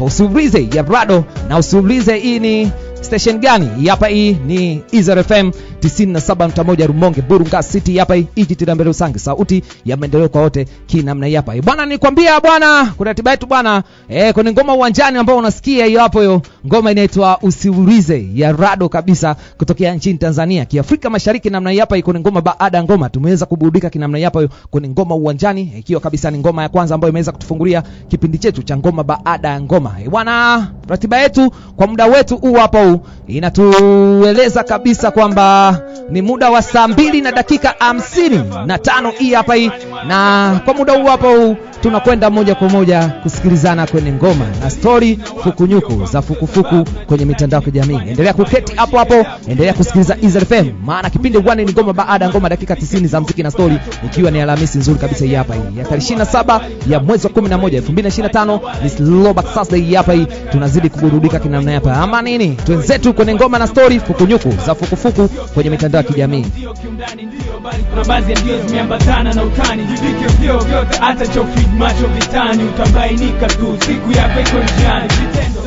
Usiulize ya Brado na usiulize ini station gani? Hapa hii ni Izer FM 97.1 Rumonge, Burunga City. Hapa hii jiji la Mbele Usangi, sauti ya maendeleo kwa wote kinamna. Hapa hii eh, bwana, nikwambia bwana, kuna ratiba yetu bwana eh, kuna ngoma uwanjani ambao unasikia hiyo hapo, hiyo ngoma inaitwa Usiulize ya Rado kabisa kutokea nchini Tanzania, Kiafrika Mashariki namna hii. Hapa kuna ngoma baada ngoma, tumeweza kuburudika kinamna hapa hiyo kuna ngoma uwanjani, eh, ikiwa kabisa ni ngoma ya kwanza ambayo imeweza kutufungulia kipindi chetu cha ngoma baada ya ngoma. Eh, bwana, ratiba yetu kwa muda wetu huu hapa Show inatueleza kabisa kwamba ni muda wa saa mbili na dakika hamsini na tano hii hapa hii na kwa muda huu hapa huu tunakwenda moja kwa moja kusikilizana kwenye ngoma na stori fukunyuku za fukufuku kwenye mitandao ya kijamii. Endelea kuketi hapo hapo, endelea kusikiliza Izal FM, maana kipindi one ni ngoma baada ya ngoma, dakika 90 za mziki na stori, ikiwa ni Alhamisi nzuri kabisa hii hapa hii ya tarehe 27 ya mwezi wa 11 2025, ni Throwback Thursday hii hapa hii. Tunazidi kuburudika kina kinamna hapa, ama nini? Twenzetu kwenye ngoma na stori fukunyuku za fukufuku kwenye mitandao ya kijamii kuna baadhi ya ndio zimeambatana na utani. Jivike vyo vyote, hata chofid macho vitani, utabainika tu siku yako iko njiani. Vitendo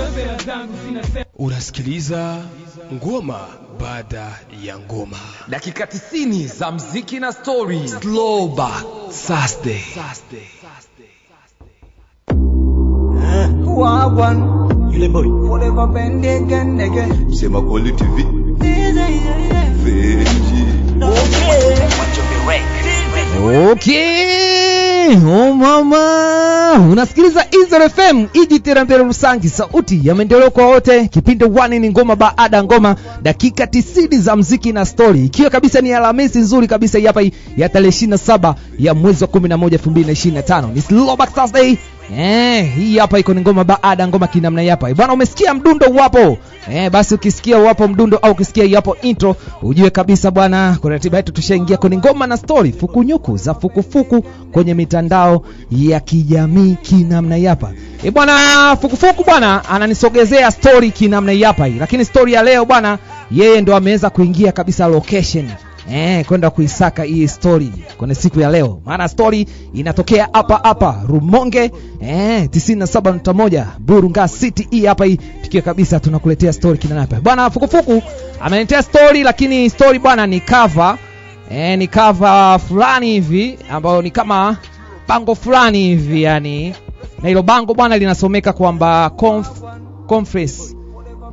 zangu sina. Unasikiliza ngoma baada ya ngoma, dakika 90 za mziki na story. Slow back Saturday wawan yule boy forever bendegen nege sema quality vi Okay. Oh mama, unasikiliza Israel FM ijiterambere Rusangi, sauti ya maendeleo kwa wote. Kipindi wani ni ngoma baada ya ngoma, dakika tisini za mziki na stori, ikiwa kabisa ni Alhamisi nzuri kabisa hapa ya tarehe 27 ya mwezi wa 11 2025. Ni Throwback Thursday Eh, hii hapa iko ni ngoma baada ngoma kinamna hapa. Eh, bwana umesikia mdundo wapo? Eh, basi ukisikia wapo mdundo au ukisikia hapo intro, ujue kabisa bwana, kwa ratiba yetu tushaingia kwenye ngoma na story fukunyuku za fukufuku kwenye mitandao ya kijamii kinamna hapa. Eh, bwana fukufuku bwana ananisogezea story kinamna hapa hii. Lakini story ya leo bwana, yeye ndo ameweza kuingia kabisa location eh, kwenda kuisaka hii story kwenye siku ya leo, maana story inatokea hapa hapa Rumonge eh, 97.1 Burunga City. Hii hapa hii tukiwa kabisa tunakuletea story kina kinanapa bwana. Fukufuku ameletea story, lakini story bwana ni cover eh, ni cover fulani hivi ambayo ni kama bango fulani hivi yani, na hilo bango bwana linasomeka kwamba conf, conference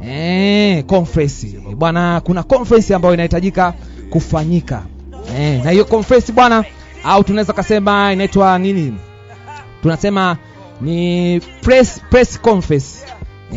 eh, conference bwana, kuna conference ambayo inahitajika kufanyika eh, na hiyo conference bwana, au tunaweza kasema inaitwa nini, tunasema ni press press conference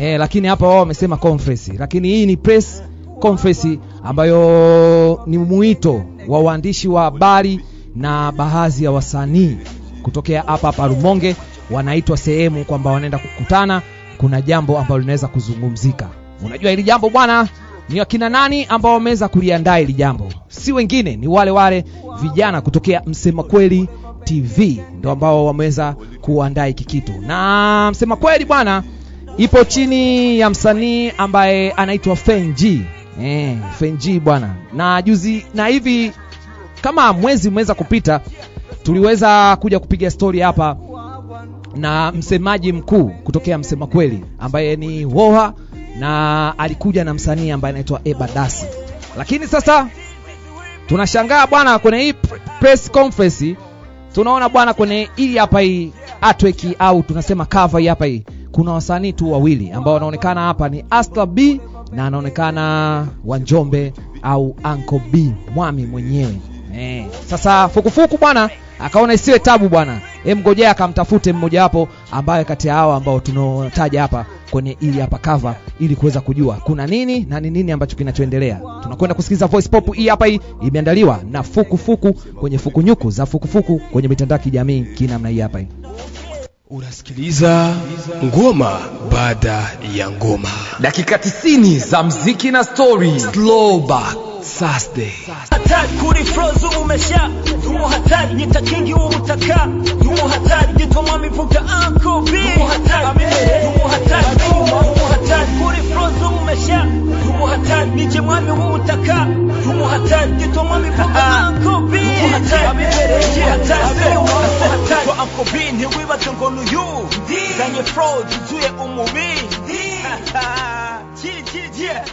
eh, lakini hapa wao wamesema conference, lakini hii ni press conference ambayo ni mwito wa waandishi wa habari na baadhi ya wasanii kutokea hapa hapa Rumonge wanaitwa sehemu kwamba wanaenda kukutana, kuna jambo ambalo linaweza kuzungumzika. Unajua hili jambo bwana ni wakina nani ambao wameweza kuliandaa hili jambo? Si wengine, ni wale wale vijana kutokea Msema Kweli TV ndo ambao wameweza kuandaa hiki kitu, na Msema Kweli bwana ipo chini ya msanii ambaye anaitwa Fenji eh, Fenji bwana, na juzi na hivi kama mwezi umeweza kupita, tuliweza kuja kupiga stori hapa na msemaji mkuu kutokea Msema Kweli ambaye ni Woha na alikuja na msanii ambaye anaitwa Eba Dasi. Lakini sasa tunashangaa bwana, kwenye hii press conference tunaona bwana, kwenye hii hapa hii atweki au tunasema cover hii hapa hii kuna wasanii tu wawili ambao wanaonekana hapa ni Astra B na anaonekana wanjombe au Anko B Mwami mwenyewe eh. Sasa fukufuku bwana akaona isiwe tabu bwana, mgojea akamtafute mmojawapo ambaye kati ya hawa ambao tunaotaja hapa kwenye ili hapa cover, ili kuweza kujua kuna nini na ni nini ambacho kinachoendelea. Tunakwenda kusikiliza voice pop hii hapa, hii imeandaliwa na fukufuku fuku, kwenye fukunyuku za fukufuku fuku, kwenye mitandao ya kijamii kinamna hii hapa hii. Unasikiliza ngoma baada ya ngoma, dakika 90 za mziki na story. Slowback Thursday hatari kuri fro z'umumeshya yumu hatari nyita kingi w'ubutaka yumu hatari gituma mivuga anko bi yumu hatari yumu hatari yumu hatari kuri fro z'umumeshya yumu hatari nije mwami w'ubutaka yumu hatari gituma mivuga anko bi yumu hatari yumu hatari yumu hatari kwa uncle b ntiwibaze ngo nuyu zanye fro zuzuye umubi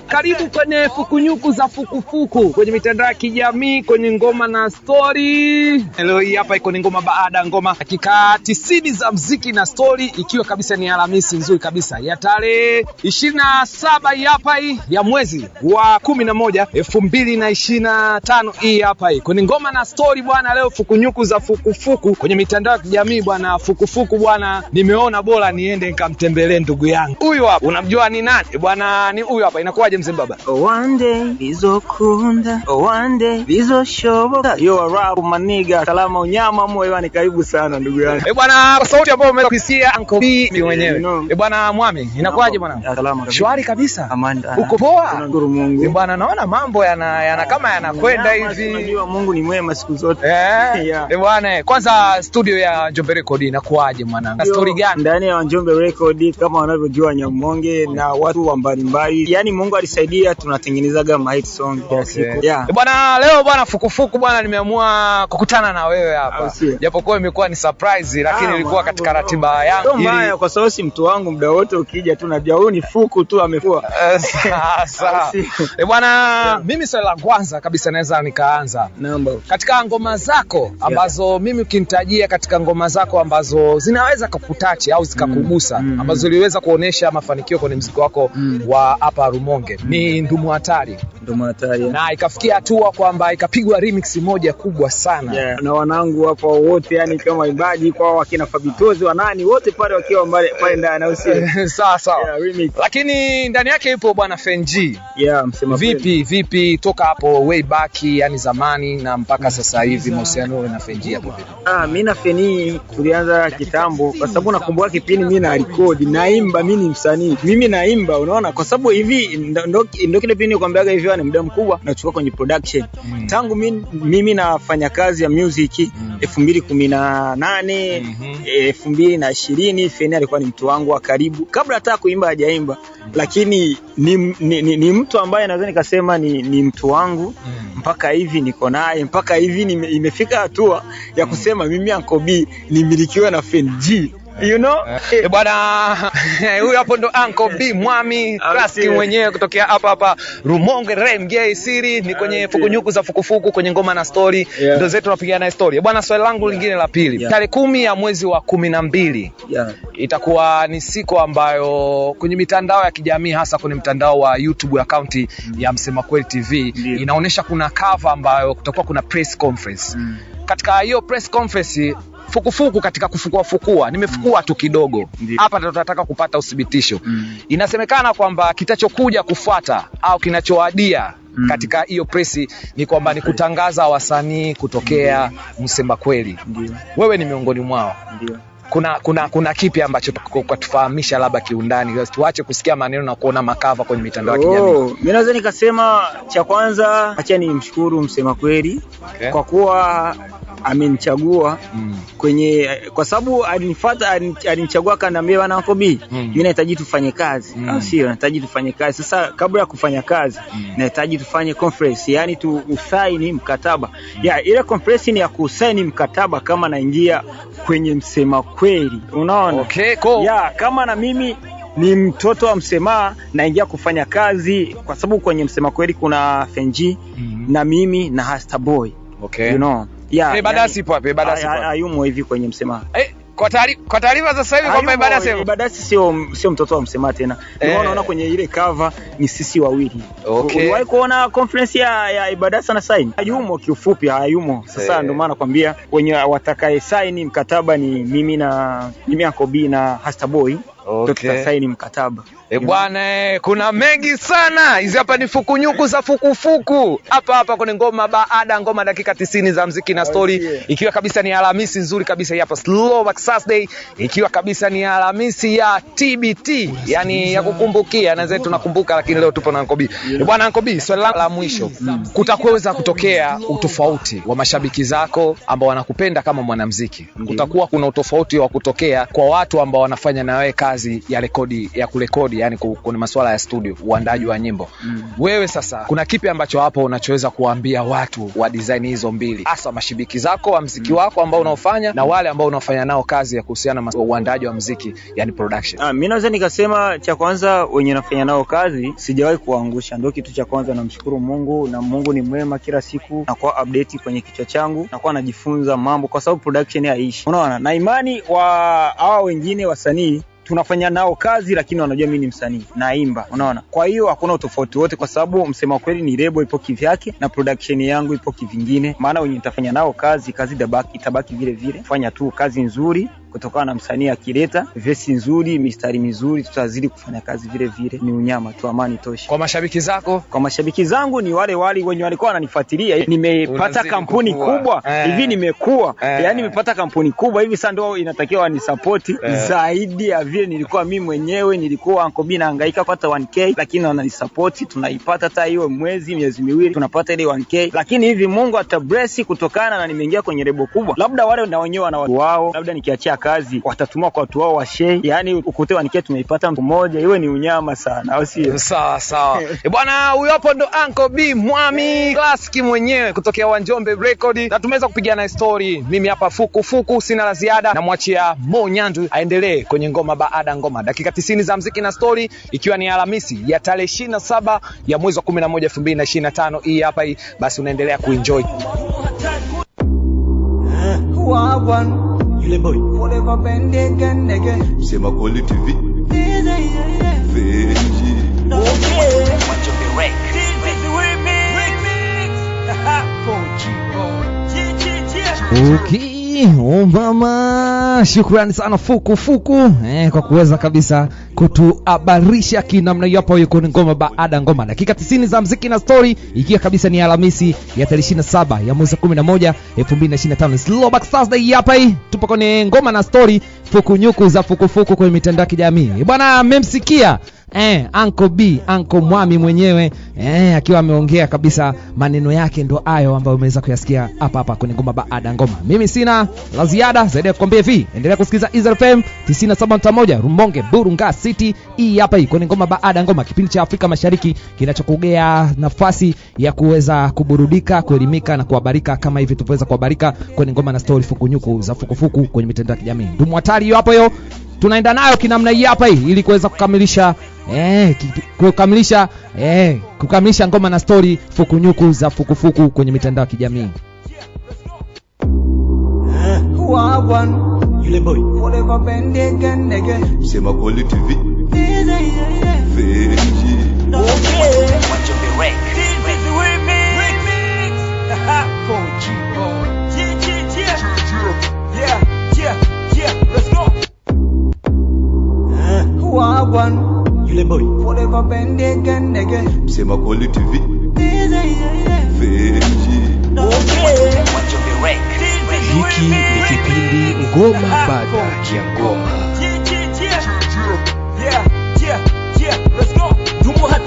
Karibu kwenye fukunyuku za fukufuku kwenye mitandao ya kijamii, kwenye ngoma na stori. Leo hii hapa iko ni ngoma baada ya ngoma, dakika tisini za mziki na stori, ikiwa kabisa ni Alhamisi nzuri kabisa ya tarehe ishirini na saba hii hapa hii ya mwezi wa kumi na moja elfu mbili na ishirini na tano hii hapa hii kwenye ngoma na stori bwana. Leo fukunyuku za fukufuku kwenye mitandao ya kijamii bwana, fukufuku bwana, nimeona bora niende nikamtembelee ndugu yangu huyu hapa. Unamjua ni nani bwana? Ni huyu hapa hapa inakuwaje mzee baba? Oh, one day bizokunda, oh, one day bizoshoboka. Yo arabu maniga, salama unyama moyo ni karibu sana ndugu yangu. Eh bwana, sauti ambayo umeweza kusikia Uncle B ni mwenyewe. Eh bwana Mwami, inakuwaje bwana? Salama. Shwari kabisa. Amani. Uko poa? Tunashukuru Mungu. Eh bwana, naona mambo yana yana ah, kama yanakwenda hivi. Unajua Mungu ni mwema siku zote. Eh. Eh bwana, eh, kwanza studio ya Njombe Record inakuwaje mwana? Na story gani? Ndani ya Njombe Record kama wanavyojua Nyamonge na watu wa mbalimbali. Yaani yani Mungu alisaidia tunatengenezaga ma hit song kila siku. Yeah. Eh, bwana leo bwana fukufuku bwana nimeamua kukutana na wewe hapa. Ah, Japokuwa imekuwa ni surprise lakini ah, ilikuwa katika ratiba yangu. Sio mbaya kwa sababu si mtu wangu muda wote ukija tu najua huyu ni fuku tu amefua. Eh, ah, Sasa. Eh, bwana mimi swali la kwanza kabisa naweza nikaanza. Naomba. Katika ngoma zako ambazo yeah. mimi ukinitajia katika ngoma zako ambazo zinaweza kukutachi au zikakugusa mm. mm, mm. ambazo uliweza kuonesha mafanikio kwenye mziki wako mm. wa hapa Rumonge ni Ndumu Hatari, Ndumu Hatari, na ikafikia hatua kwamba ikapigwa remix moja kubwa sana yeah. Na wanangu hapa wote yani kama waimbaji kwa wakina Fabitozi wa nani wote pale wakiwa mbali pale ndani na sio? Sawa sawa, yeah, lakini ndani yake yupo bwana Fenji yeah, msema vipi vipi toka hapo way back yani zamani na mpaka sasa hivi mahusiano na Fenji hapo vipi? Ah, mimi na Feni tulianza kitambo, kwa sababu nakumbuka kipindi mimi na record naimba, mimi ni msanii, mimi naimba, unaona kwa sababu hivi pindi ndo, kile pindi kwambiaga hivyo, ni muda mkubwa nachukua kwenye production mm. Tangu mimi, mimi nafanya kazi ya music mm. elfu mbili kumi na nane mhm. elfu mbili na ishirini Feni alikuwa ni mtu wangu wa karibu kabla hata kuimba hajaimba mm. Lakini ni, ni, ni, ni mtu ambaye naweza nikasema ni, ni mtu wangu mm. Mpaka hivi niko naye mpaka hivi imefika hatua ya mm. kusema mm. mimi ankobi nimilikiwa na Feni G you know eh, eh bwana eh, huyu hapo ndo Uncle B Mwami okay. mwenyewe kutokea hapa hapa Rumonge RMJ siri ni kwenye okay. fukunyuku za fukufuku kwenye ngoma na story yeah. ndo zetu tunapigana na story bwana. Swali langu yeah. lingine la pili yeah. tarehe kumi ya mwezi wa kumi na mbili yeah. itakuwa ni siku ambayo kwenye mitandao ya kijamii hasa kwenye mtandao wa YouTube account mm. ya Msema Kweli TV yeah. inaonesha kuna cover ambayo kutakuwa kuna press conference mm. katika hiyo press conference fukufuku katika kufukua fukua, nimefukua tu kidogo hapa, tunataka kupata uthibitisho. Mm. Inasemekana kwamba kitachokuja kufuata au kinachoadia Mm. Katika hiyo presi ni kwamba ni kutangaza wasanii kutokea Msema Kweli. Wewe ni miongoni mwao. Ndiyo kuna, kuna, kuna kipi ambacho kwatufahamisha labda kiundani, tuache kusikia maneno na kuona makava kwenye mitandao ya kijamii? Oh, mimi naweza nikasema cha kwanza, acha ni mshukuru msema kweli okay, kwa kuwa amenichagua mm, kwenye kwa sababu alinifuata, alinichagua kaniambia, bana wako bi mm, mimi nahitaji tufanye kazi mm, au ah, sio? Nahitaji tufanye kazi. Sasa kabla ya kufanya kazi mm, nahitaji tufanye conference, yani tu usaini mkataba mm, ya ile conference ni ya kusaini mkataba kama naingia kwenye msema kweli, unaona okay, cool. ya kama na mimi ni mtoto wa msema naingia kufanya kazi kwa sababu kwenye msema kweli kuna Fenji mm -hmm. na mimi na Hasta Boy okay. you know yeah, hey, badasi yani, pape badasi pape ayumo hivi kwenye msema eh, kwa taarifa za sasa hivi kwamba Ibadasi ibada sio sio mtoto wa Msema tena. Eh. Unaona kwenye ile cover ni sisi wawili. Okay. Uliwahi kuona conference ya, ya ibada sana sign? Hayumo kiufupi, hayumo. Sasa eh, ndio maana nakwambia wenye watakaye sign mkataba ni mimi na mimi Akobi na Hasta Boy okay. Tutasaini mkataba e bwana, eh, kuna mengi sana. Hizi hapa ni fukunyuku za fukufuku hapa hapa kwenye ngoma baada ngoma, dakika tisini za mziki na stori, oh, ikiwa kabisa ni Alhamisi nzuri kabisa hapa slow back Saturday, ikiwa kabisa ni Alhamisi ya TBT, yani ya kukumbukia, na zetu tunakumbuka, lakini leo tupo na Nkobi e bwana. Nkobi, swali la mwisho, mm. kutakuweza kutokea utofauti wa mashabiki zako ambao wanakupenda kama mwanamuziki, kutakuwa kuna utofauti wa kutokea kwa watu ambao wanafanya na wewe kazi kazi ya rekodi ya kurekodi, yani kuna masuala ya studio, uandaji wa nyimbo mm. Wewe sasa, kuna kipi ambacho hapo unachoweza kuwaambia watu wa design hizo mbili, hasa mashabiki zako wa mziki mm. wako ambao unaofanya na mm. wale ambao unafanya nao kazi ya kuhusiana na uandaji wa mziki, yani production? Ah, mimi naweza nikasema cha kwanza, wenye nafanya nao kazi sijawahi kuangusha, ndio kitu cha kwanza. Namshukuru Mungu na Mungu ni mwema, kila siku nakuwa update kwenye kichwa changu, nakuwa najifunza mambo, kwa sababu production haishi, unaona, na imani wa hawa wengine wasanii tunafanya nao kazi, lakini wanajua mimi ni msanii naimba, unaona. Kwa hiyo hakuna utofauti wote, kwa sababu msema kweli ni lebo ipo kivyake na production yangu ipo kivingine, maana wenye nitafanya nao kazi, kazi itabaki vile vile, fanya tu kazi nzuri kutokana na msanii akileta vesi nzuri, mistari mizuri, tutazidi kufanya kazi vile vile. Ni unyama tu, amani toshi. Kwa mashabiki zako? Kwa mashabiki zangu ni wale wale wenye walikuwa wananifuatilia. Yaani nimepata kampuni kukua kubwa eh, hivi nimekuwa eh, yani nimepata kampuni kubwa hivi sasa, ndio inatakiwa wanisapoti eh, zaidi ya vile nilikuwa mimi mwenyewe. Nilikuwa Anko B nahangaika kupata 1k, lakini wananisapoti, tunaipata hata hiyo mwezi miezi miwili tunapata ile 1k, lakini hivi Mungu atabless kutokana na nimeingia kwenye lebo kubwa, labda wale na wenyewe wana wao, labda nikiachia kazi watatumwa kwa watu wao washei, yani ukute wanikia tumeipata mmoja, iwe ni unyama sana, au sio? Sawa sawa E bwana, huyo hapo ndo Uncle B Mwami Classic mwenyewe kutokea Wanjombe Record, na tumeweza kupiga na story. Mimi hapa fuku fuku, sina la ziada, namwachia Mo Nyandu aendelee kwenye ngoma baada ngoma, dakika 90 za mziki na story, ikiwa ni Alhamisi ya tarehe 27 ya mwezi wa 11 2025. Hii hapa hii, basi unaendelea kuenjoy playboy sema kweli tv venji ukiomba okay, mama shukrani sana fuku fuku. Eh, kwa kuweza kabisa kutuhabarisha kinamna hiyo. Hapo yuko ni ngoma baada ngoma, dakika 90 za mziki na story, ikiwa kabisa ni Alhamisi ya 37 27 ya mwezi 11 2025, Slowback Thursday hapa hii. Tupo kwenye ngoma na story, fukunyuku za fukufuku kwenye mitandao ya kijamii bwana, memsikia eh, anko B, anko Mwami mwenyewe eh, akiwa ameongea kabisa maneno yake ndo hayo ambayo umeweza kuyasikia hapa hapa kwenye ngoma baada ngoma. Mimi sina la ziada zaidi ya kukwambia hivi, endelea kusikiliza Israel FM 97.1 Rumonge Burunga City. Hii hapa hii kwenye ngoma baada ngoma, kipindi cha Afrika Mashariki kinachokugea nafasi ya kuweza kuburudika, kuelimika na kuhabarika kama hivi tuvyoweza kuhabarika kwenye ngoma na stori fukunyuku za fukufuku kwenye mitandao ya kijamii. Ndumu hatari hiyo hapo hiyo tunaenda nayo kinamna hii hapa hii ili kuweza kukamilisha eh, kukamilisha eh, kukamilisha ngoma na stori fukunyuku za fukufuku kwenye mitandao ya kijamii yeah, wagwan yule boy forever pendeken nege msema kweli tv hiki ni kipindi ngoma baada ya ngoma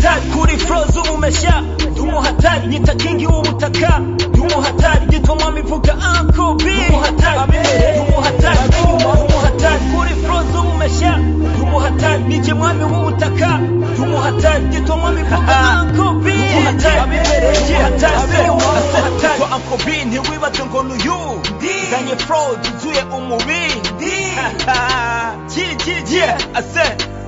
hatari kuri flo z'ubumeshya ndi mu hatari nyita kingi w'ubutaka ndi hatari gitwa mwami vuga uncle b ndi hatari ab'imbere hatari ab'inyuma hatari kuri flo z'ubumeshya ndi mu hatari nije mwami w'ubutaka ndi mu hatari gitwa ah, mwami vuga uncle b kwa uncle b ntiwibaze ngo ni uyu zanye flo zuzuye umubiri ndi Yeah, I said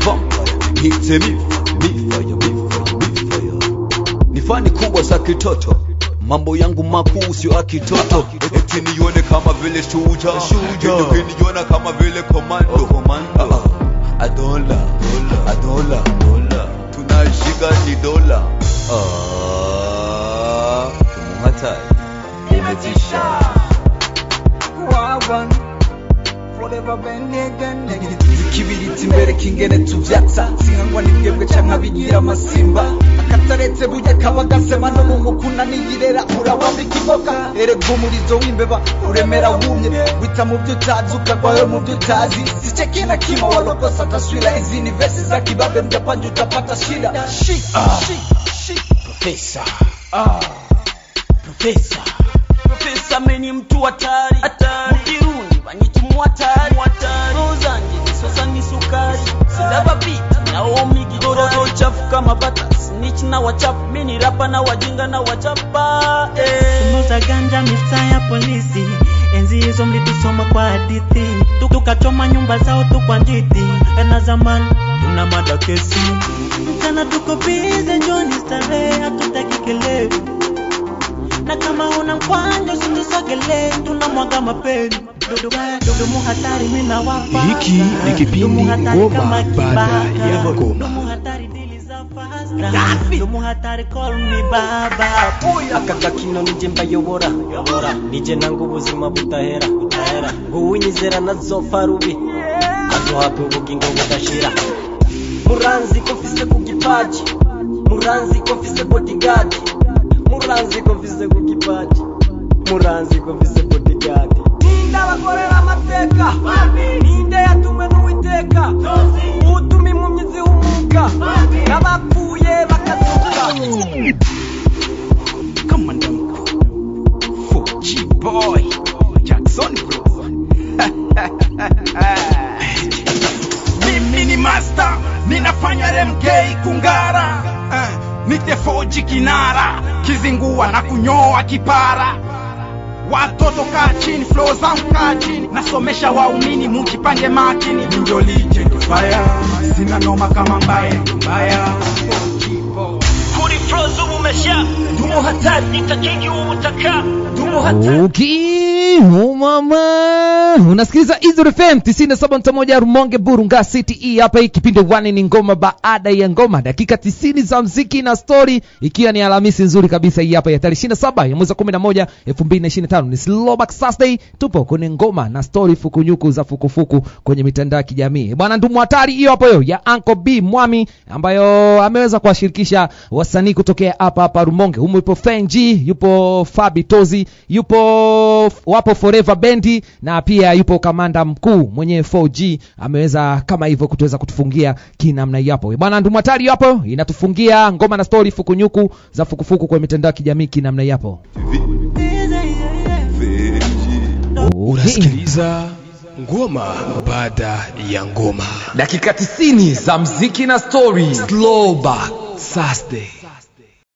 flavor niite mi mifaya mifaya ni fani kubwa za kitoto mambo yangu makuu sio akitoto eti nione kama vile shuja ukiniona kama vile komando oh, komando uh ah, adola ah. adola tunashika ni dola ah uh, kumuhatai imetisha ikibiriti imbere k'ingene tuvyatsa singangwa n'ibwebwe canke abinyira amasimba kataretse burya kaba gasema no mu mukuna niyirera urabamba ikiboka erega umurizo w'imbeba uremera wumye wita mu byo utazi ukagwayo mu byo utazi siche kina kimo walokosa taswira izi ni vesi za kibabe mjapanja utapata shida profesa profesa profesa meni mtu hatari wachafu kama bata snitch na wachafu mini rapa na wajinga na wachapa eh. ganja mitaa ya polisi enzi hizo mlitusoma kwa hadithi tukachoma nyumba zao tu kwa njiti ena zamani tuna mada kesi mchana tuko bize njoni starehe hatutaki kelele na kama una mkwanjo tuna mwaga mapeni dumu hatari mina wapa hiki ni kipindi ngoma baada ya ngoma yo muhatari call me baba aka gakino nijye mbayobora nijye nanga ubuzima butahera uwunyizera nazofa rubi aduhabwa ubugingo budashira muranzi ko mfise ku gipaji muranzi ko mfise bodigadi muranzi ko mfise ku gipaji muranzi ko mfise bodigadi ninde abakorera amateka ninde yatumwe n'uwiteka utuma impumyi zihumura bakazunguka n'abapfuye bakazunguka boy jackson bro mimi ni master ninafanya rmk kungara uh, nite foji kinara kizingua na kunyoa kipara Watoto kaa chini, flow zangu kaa chini, nasomesha waumini, mujipange makini. lije fire sina noma kama mbaya mbaya Dumu hatari nitakingi umutaka. Dumu hatari huu mama unasikiliza Izuri FM 97.1 Rumonge Burunga City. Hii e. hapa hii kipindi wani ni ngoma baada ya ngoma, dakika 90 za mziki na story, ikiwa ni Alhamisi nzuri kabisa. Hii hapa ya tarehe 27 ya mwezi wa 11 2025, ni Slowback Saturday. Tupo kwenye ngoma na story fukunyuku za fukufuku kwenye mitandao ya kijamii bwana. Ndumu hatari hiyo hapo hiyo ya Uncle B Mwami, ambayo ameweza kuwashirikisha wasanii kutokea hapa hapa Rumonge. Humo yupo Fenji, yupo Fabi Tozi, yupo wapo Forever Bendi na pia yupo kamanda mkuu mwenye 4G ameweza kama hivyo kutuweza kutufungia kinamna hiyo hapo. Bwana Ndumatari hapo inatufungia ngoma na story fukunyuku za fukufuku kwa mitandao ya kijamii kinamna hapo. Unasikiliza ngoma baada ya ngoma, dakika 90 za mziki na story. Slowback Saturday